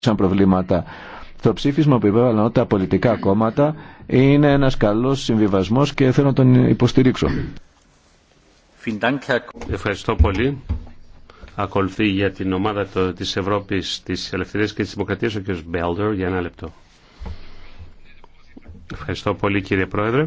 σαν προβλήματα. Το ψήφισμα που υπέβαλαν τα πολιτικά κόμματα είναι ένας καλός συμβιβασμός και θέλω να τον υποστηρίξω. Ευχαριστώ πολύ. Ακολουθεί για την ομάδα της Ευρώπης, της Ελευθερίας και της Δημοκρατίας ο κ. Μπέλντερ για ένα λεπτό. Ευχαριστώ πολύ κύριε Πρόεδρε.